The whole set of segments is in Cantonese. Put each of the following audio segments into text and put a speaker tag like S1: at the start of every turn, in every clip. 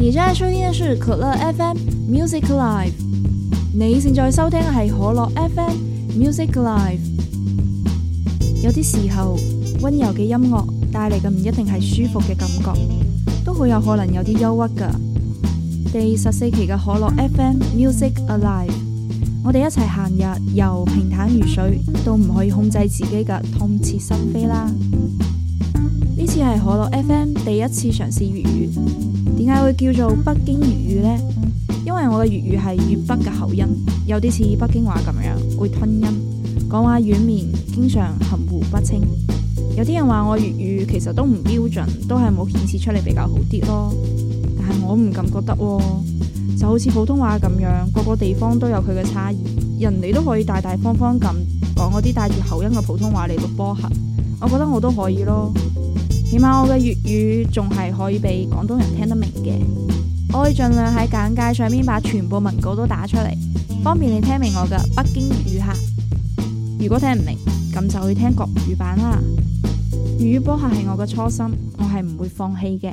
S1: 你現在，在收聽係可樂 FM Music Live。你現在收聽係可樂 FM Music Live。有啲時候溫柔嘅音樂帶嚟嘅唔一定係舒服嘅感覺，都好有可能有啲憂鬱噶。第十四期嘅可樂 FM Music Alive，我哋一齊行入，由平淡如水到唔可以控制自己嘅痛徹心扉啦。呢次係可樂 FM 第一次嘗試粵語。點解會叫做北京粵語呢？因為我嘅粵語係粵北嘅口音，有啲似北京話咁樣，會吞音，講話軟綿，經常含糊不清。有啲人話我粵語其實都唔標準，都係冇顯示出嚟比較好啲咯。但係我唔咁覺得喎，就好似普通話咁樣，個個地方都有佢嘅差異，人哋都可以大大方方咁講嗰啲帶住口音嘅普通話嚟錄播客，我覺得我都可以咯。起碼我嘅粵語仲係可以俾廣東人聽得明嘅，我會盡量喺簡介上面把全部文稿都打出嚟，方便你聽明我嘅北京粵語客。如果聽唔明，咁就去聽國語版啦。粵語播客係我嘅初心，我係唔會放棄嘅。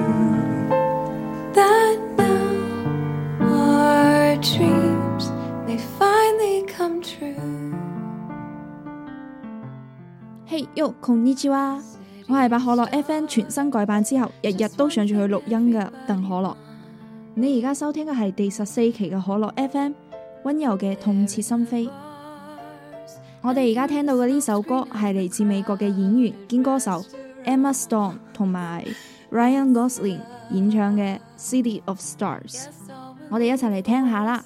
S1: Hello, 我係把可樂 FM 全新改版之後，日日都想住去錄音嘅鄧可樂。你而家收聽嘅係第十四期嘅可樂 FM，溫柔嘅痛徹心扉。我哋而家聽到嘅呢首歌係嚟自美國嘅演員兼歌手 Emma Stone 同埋 Ryan Gosling 演唱嘅 City of Stars。我哋一齊嚟聽下啦。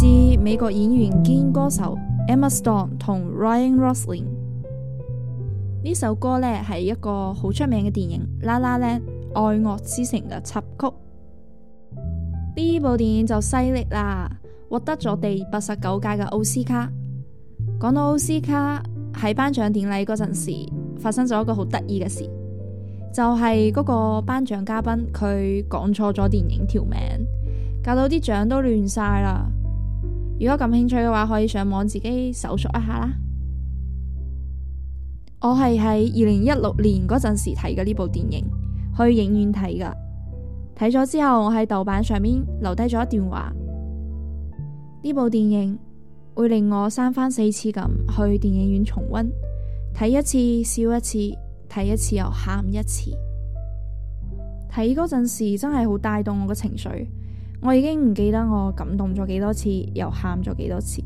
S1: 至美國演員兼歌手 Emma Stone 同 Ryan Gosling 呢首歌呢，係一個好出名嘅電影《啦啦咧愛樂之城》嘅插曲。呢部電影就犀利啦，獲得咗第八十九屆嘅奧斯卡。講到奧斯卡喺頒獎典禮嗰陣時，發生咗一個好得意嘅事，就係、是、嗰個頒獎嘉賓佢講錯咗電影條名，搞到啲獎都亂晒啦。如果感興趣嘅話，可以上網自己搜索一下啦。我係喺二零一六年嗰陣時睇嘅呢部電影，去影院睇㗎。睇咗之後，我喺豆瓣上面留低咗一段話。呢部電影會令我三番四次咁去電影院重溫，睇一次笑一次，睇一次又喊一次。睇嗰陣時真係好帶動我嘅情緒。我已經唔記得我感動咗幾多次，又喊咗幾多次，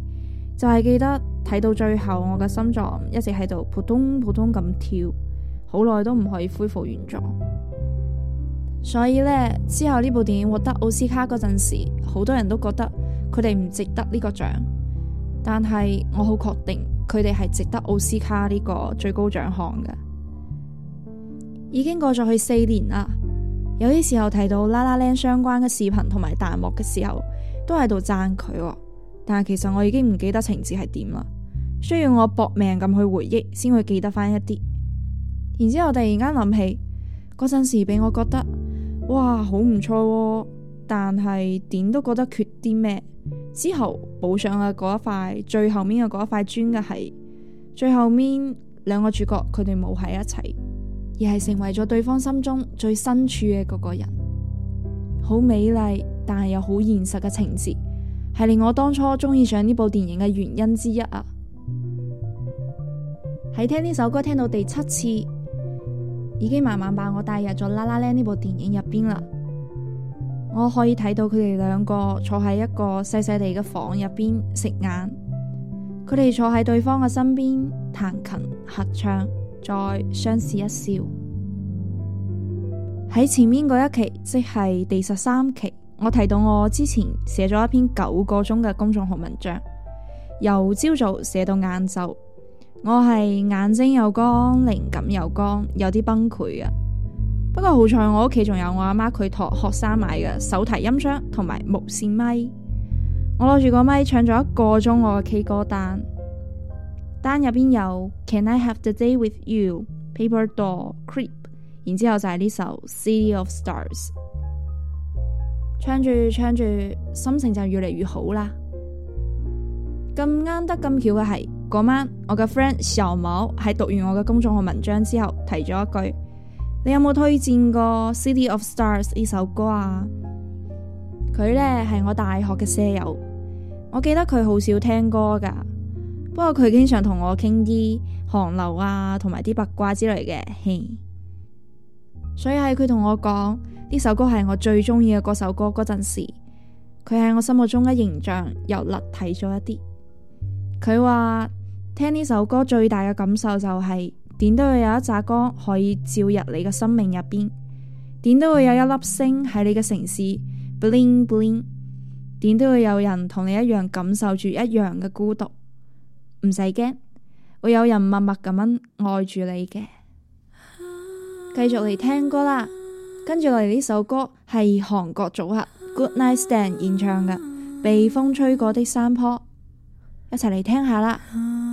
S1: 就係、是、記得睇到最後，我嘅心臟一直喺度撲通撲通咁跳，好耐都唔可以恢復原狀。所以呢，之後呢部電影獲得奧斯卡嗰陣時，好多人都覺得佢哋唔值得呢個獎，但係我好確定佢哋係值得奧斯卡呢個最高獎項嘅。已經過咗去四年啦。有啲時候睇到 La La Land 相關嘅視頻同埋彈幕嘅時候，都喺度讚佢喎，但係其實我已經唔記得情節係點啦，需要我搏命咁去回憶先會記得返一啲。然之後突然間諗起，嗰陣時俾我覺得，哇，好唔錯喎，哦，但係點都覺得缺啲咩。之後補上嘅嗰一塊最後面嘅嗰一塊磚嘅係最後面兩個主角佢哋冇喺一齊。而係成為咗對方心中最深處嘅嗰個人，好美麗但係又好現實嘅情節，係令我當初鍾意上呢部電影嘅原因之一啊！喺聽呢首歌聽到第七次，已經慢慢把我帶入咗《La La Land》呢部電影入邊啦。我可以睇到佢哋兩個坐喺一個細細地嘅房入邊食晏，佢哋坐喺對方嘅身邊彈琴合唱。再相視一笑。喺前面嗰一期，即係第十三期，我提到我之前寫咗一篇九個鐘嘅公眾號文章，由朝早寫到晏晝，我係眼睛又乾，靈感又乾，有啲崩潰啊。不過好彩，我屋企仲有我阿媽佢託學生買嘅手提音箱同埋無線咪。我攞住個咪，唱咗一個鐘我嘅 K 歌單。單入邊有《Can I Have the Day with You》、《Paper Doll》、《Creep》，然之後就係呢首《City of Stars》唱。唱住唱住，心情就越嚟越好啦。咁啱得咁巧嘅係，嗰晚我嘅 friend 小毛喺讀完我嘅公眾號文章之後，提咗一句：你有冇推薦過《City of Stars》呢首歌啊？佢呢係我大學嘅舍友，我記得佢好少聽歌噶。不過佢經常同我傾啲韓流啊，同埋啲八卦之類嘅，嘿。所以喺佢同我講呢首歌係我最中意嘅嗰首歌嗰陣時，佢喺我心目中嘅形象又立體咗一啲。佢話聽呢首歌最大嘅感受就係、是、點都會有一紮光可以照入你嘅生命入邊，點都會有一粒星喺你嘅城市 bling bling，點都會有人同你一樣感受住一樣嘅孤獨。唔使驚，會有人默默咁樣愛住你嘅。繼續嚟聽歌啦，跟住落嚟呢首歌係韓國組合 Good Night Stand 演唱嘅《被風吹過的山坡》，一齊嚟聽下啦。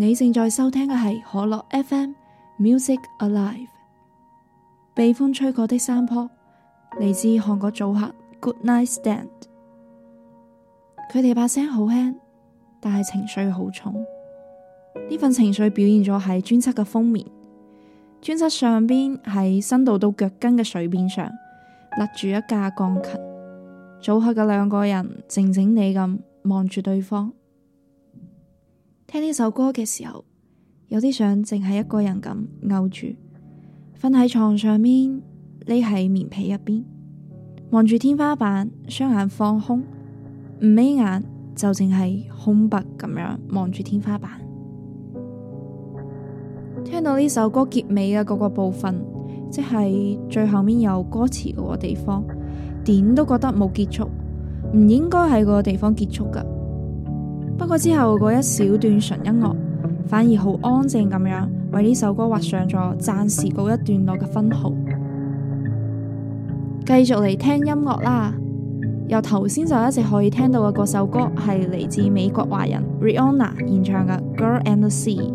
S1: 你正在收聽嘅係可樂 FM Music Alive，被風吹過的山坡，嚟自韓國組合 Good Night Stand。佢哋把聲好輕，但係情緒好重。呢份情緒表現咗喺專輯嘅封面，專輯上邊喺深度到腳跟嘅水面上，立住一架鋼琴。組合嘅兩個人靜靜地咁望住對方。聽呢首歌嘅時候，有啲想淨係一個人咁漚住，瞓喺床上面，匿喺棉被入邊，望住天花板，雙眼放空，唔眯眼就淨係空白咁樣望住天花板。聽到呢首歌結尾嘅嗰個部分，即係最後面有歌詞嗰個地方，點都覺得冇結束，唔應該喺嗰個地方結束噶。不過之後嗰一小段純音樂反而好安靜咁樣，為呢首歌畫上咗暫時告一段落嘅分號。繼續嚟聽音樂啦，由頭先就一直可以聽到嘅嗰首歌係嚟自美國華人 Reonda 演唱嘅《Girl and the Sea》。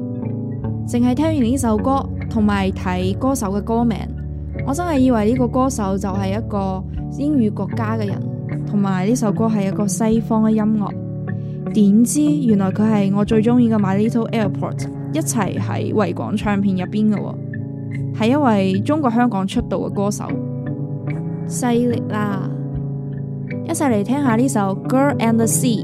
S1: 淨係聽完呢首歌同埋睇歌手嘅歌名，我真係以為呢個歌手就係一個英語國家嘅人，同埋呢首歌係一個西方嘅音樂。點知原來佢係我最中意嘅《My Little Airport》，一齊喺維港唱片入邊嘅，哦，係一位中國香港出道嘅歌手，犀利啦！一齊嚟聽下呢首《Girl and the Sea》。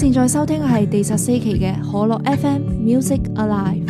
S1: 現在收聽嘅係第十四期嘅可樂 FM Music Alive。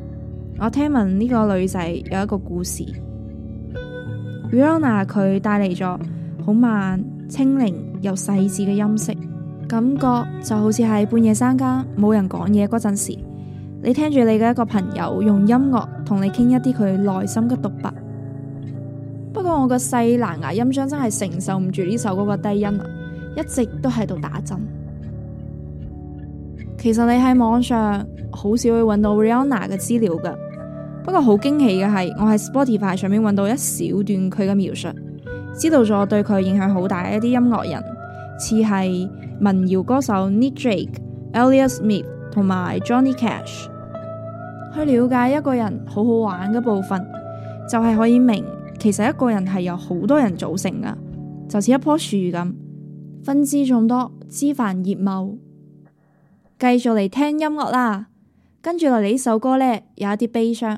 S1: 我聽聞呢個女仔有一個故事，Reonda 佢帶嚟咗好慢、清靈又細緻嘅音色，感覺就好似係半夜三更冇人講嘢嗰陣時，你聽住你嘅一個朋友用音樂同你傾一啲佢內心嘅獨白。不過我個細藍牙音箱真係承受唔住呢首歌嘅低音啦，一直都喺度打震。其實你喺網上好少會揾到 Reonda 嘅資料㗎。不過好驚喜嘅係，我喺 Spotify 上面揾到一小段佢嘅描述，知道咗對佢影響好大嘅一啲音樂人，似係民謠歌手 Nick Drake Elias Smith 同埋 Johnny Cash。去了解一個人好好玩嘅部分，就係、是、可以明其實一個人係由好多人組成噶，就似一棵樹咁，分支眾多，枝繁葉茂。繼續嚟聽音樂啦，跟住落嚟呢首歌呢，有一啲悲傷。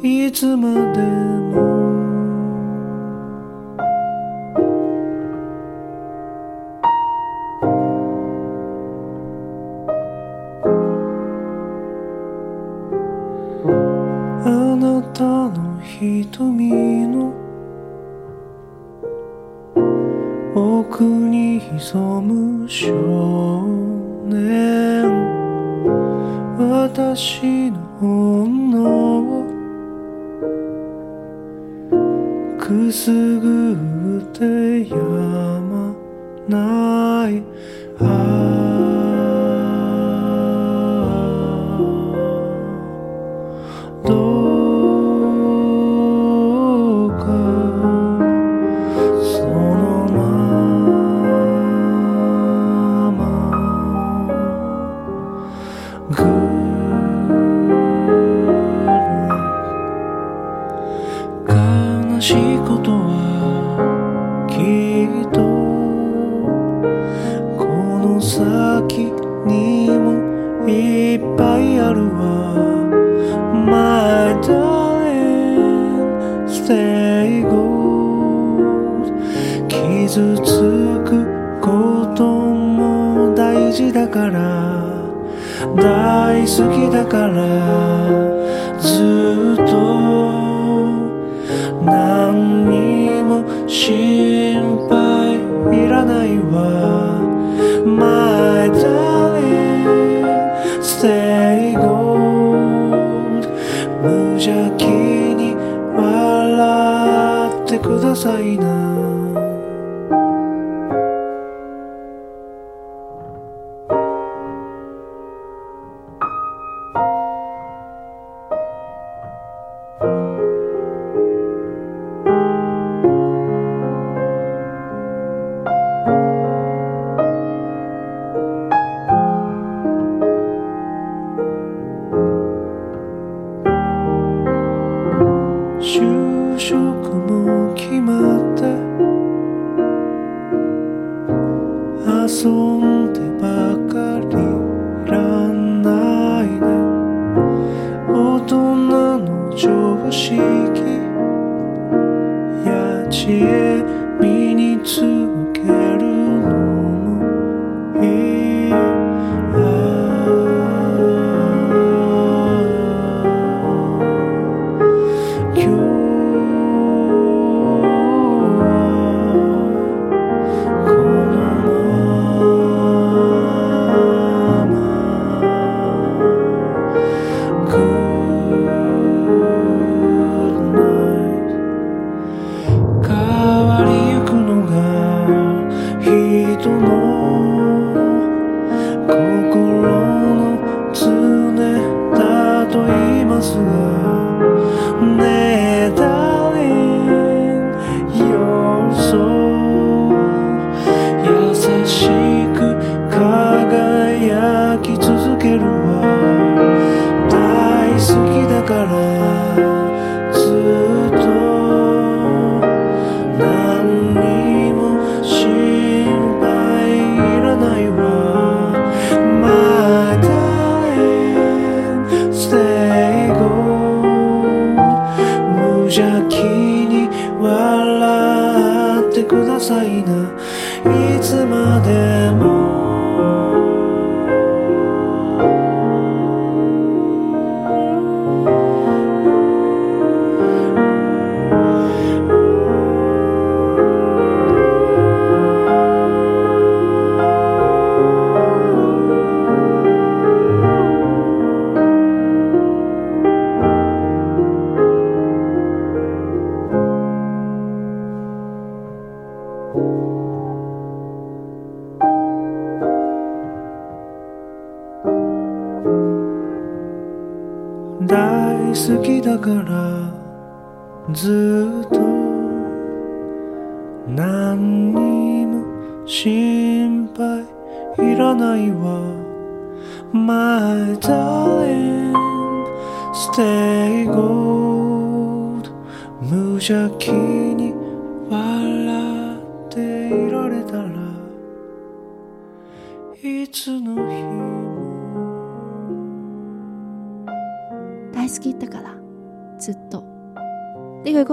S2: 一直冇得等。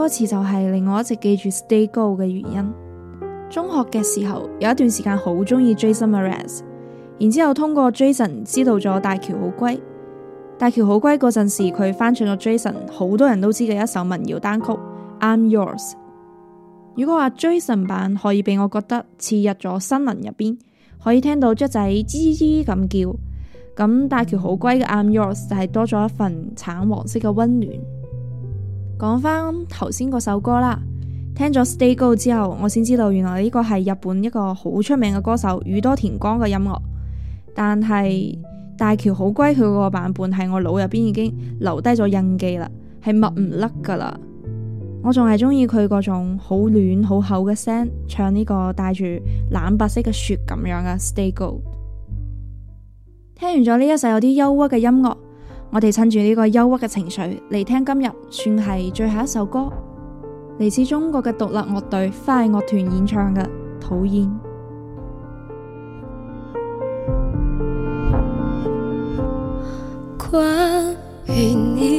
S1: 歌詞就係令我一直記住 Stay Gold 嘅原因。中學嘅時候有一段時間好中意 Jason Mraz，然之後通過 Jason 知道咗大橋好龜。大橋好龜嗰陣時，佢翻唱咗 Jason 好多人都知嘅一首民謠單曲《I'm Yours》。如果話 Jason 版可以俾我覺得似入咗森林入邊，可以聽到雀仔吱吱咁叫，咁大橋好龜嘅《I'm Yours》就係、是、多咗一份橙黃色嘅溫暖。講返頭先嗰首歌啦，聽咗《Stay Gold》之後，我先知道原來呢個係日本一個好出名嘅歌手宇多田光嘅音樂。但係大橋好歸佢嗰個版本，喺我腦入邊已經留低咗印記啦，係默唔甩噶啦。我仲係中意佢嗰種好暖好厚嘅聲，唱呢個帶住冷白色嘅雪咁樣嘅《Stay Gold》。聽完咗呢一首有啲憂鬱嘅音樂。我哋趁住呢個憂鬱嘅情緒嚟聽今日算係最後一首歌，嚟自中國嘅獨立樂隊 Fine 樂團演唱嘅《討厭》。
S3: 關於你。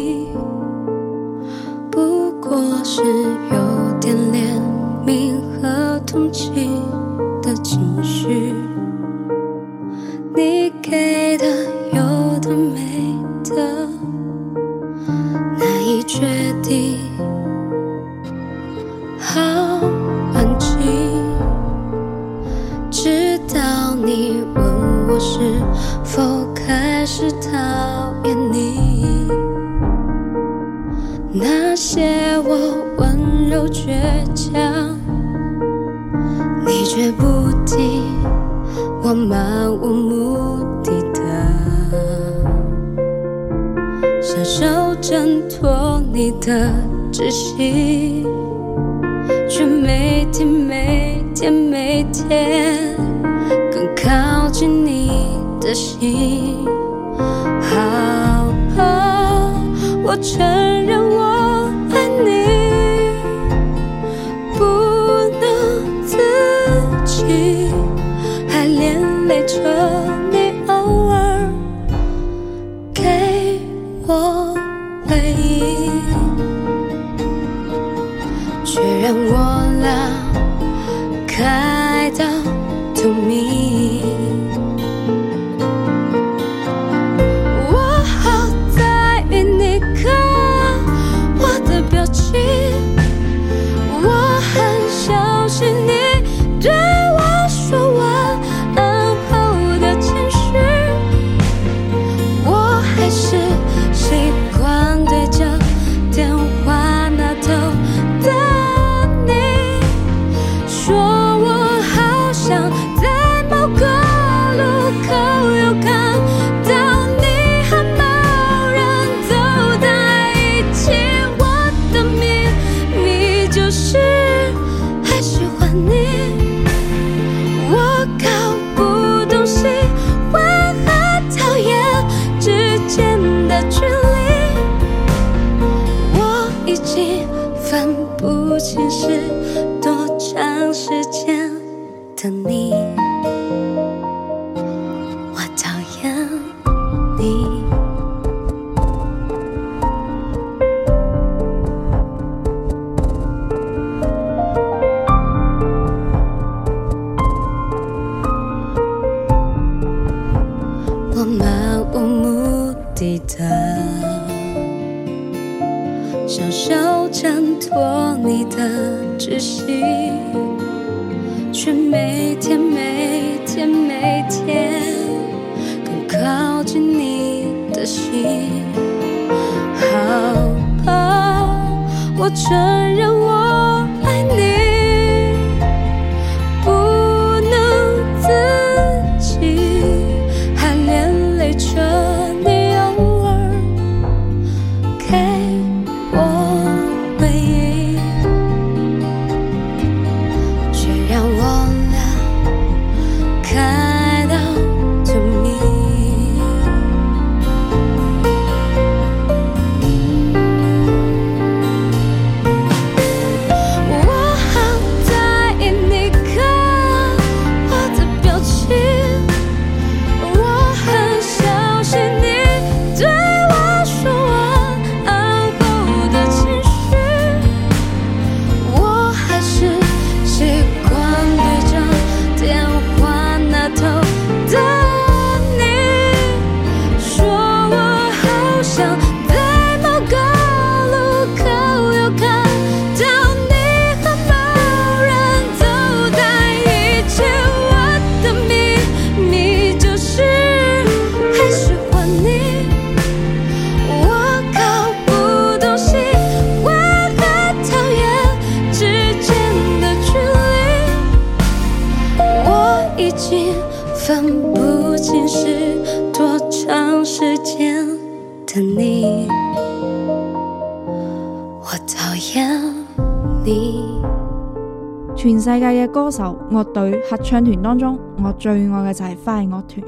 S1: 歌手、樂隊、合唱團當中，我最愛嘅就係 Fine 樂團。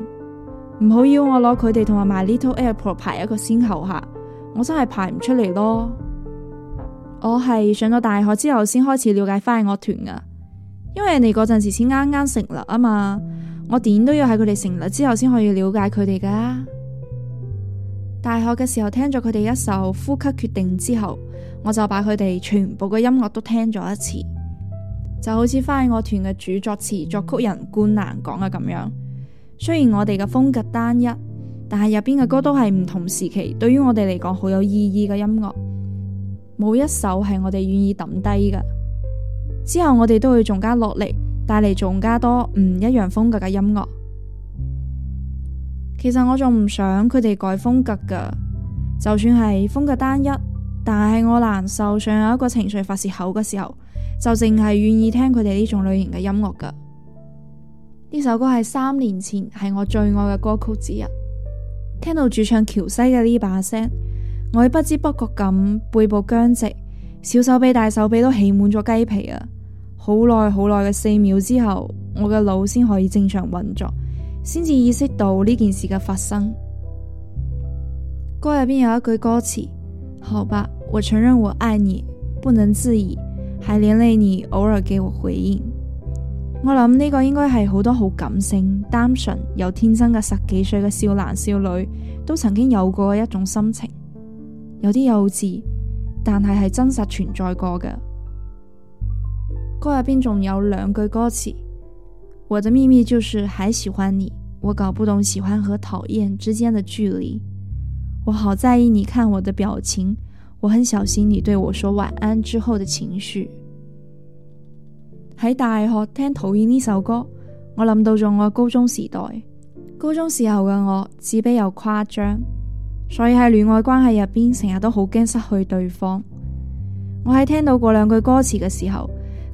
S1: 唔好要，要我攞佢哋同埋《My Little Airport》排一個先後吓，我真係排唔出嚟咯。我係上咗大學之後先開始了解 Fine 樂團噶，因為你嗰陣時先啱啱成立啊嘛。我點都要喺佢哋成立之後先可以了解佢哋噶。大學嘅時候聽咗佢哋一首《呼吸決定》之後，我就把佢哋全部嘅音樂都聽咗一次。就好似 Fine 樂團嘅主作詞作曲人冠蘭講嘅咁樣，雖然我哋嘅風格單一，但係入邊嘅歌都係唔同時期，對於我哋嚟講好有意義嘅音樂，冇一首係我哋願意抌低嘅。之後我哋都會仲加落力，帶嚟仲加多唔一樣風格嘅音樂。其實我仲唔想佢哋改風格噶，就算係風格單一，但係我難受，想有一個情緒發洩口嘅時候。就淨係願意聽佢哋呢種類型嘅音樂噶。呢首歌係三年前係我最愛嘅歌曲之一。聽到主唱喬西嘅呢把聲，我會不知不覺咁背部僵直，小手臂大手臂都起滿咗雞皮啊。好耐好耐嘅四秒之後，我嘅腦先可以正常運作，先至意識到呢件事嘅發生。歌入邊有一句歌詞，好吧，我承認我愛你，不能自已。係李麗兒偶爾嘅回應，我諗呢個應該係好多好感性、單純又天真嘅十幾歲嘅少男少女都曾經有過嘅一種心情，有啲幼稚，但係係真實存在過嘅。歌入邊仲有兩句歌詞：我的秘密就是還喜歡你，我搞不懂喜歡和討厭之間的距離，我好在意你看我的表情。我很小心你對我說晚安之後的情緒。喺大學聽討厭呢首歌，我諗到咗我高中時代。高中時候嘅我，自卑又誇張，所以喺戀愛關係入邊成日都好驚失去對方。我喺聽到過兩句歌詞嘅時候，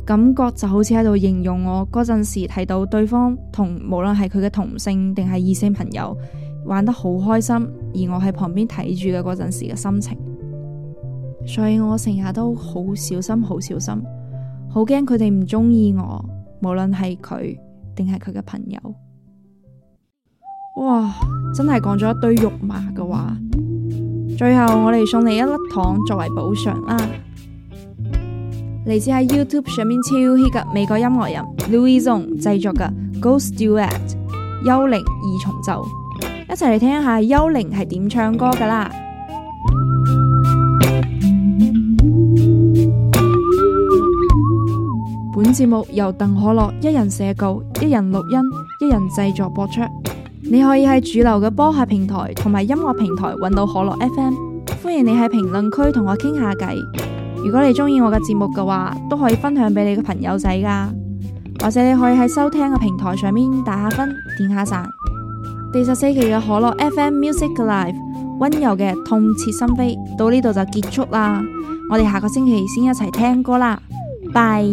S1: 感覺就好似喺度形容我嗰陣時睇到對方同無論係佢嘅同性定係異性朋友玩得好開心，而我喺旁邊睇住嘅嗰陣時嘅心情。所以我成日都好小，小心，好小心，好驚佢哋唔中意我，無論係佢定係佢嘅朋友。哇，真係講咗一堆肉麻嘅話。最後我哋送你一粒糖作為補償啦。嚟自喺 YouTube 上面超 hit 嘅美國音樂人 Louie Zong 製作嘅《Ghost Duet》幽靈二重奏，一齊嚟聽下幽靈係點唱歌噶啦。節目由鄧可樂一人寫稿，一人錄音，一人製作播出。你可以喺主流嘅播客平台同埋音樂平台揾到可樂 FM。歡迎你喺評論區同我傾下偈。如果你中意我嘅節目嘅話，都可以分享俾你嘅朋友仔㗎，或者你可以喺收聽嘅平台上面打下分，點下讚。第十四期嘅可樂 FM Music Alive 溫柔嘅痛徹心扉到呢度就結束啦。我哋下個星期先一齊聽歌啦，拜。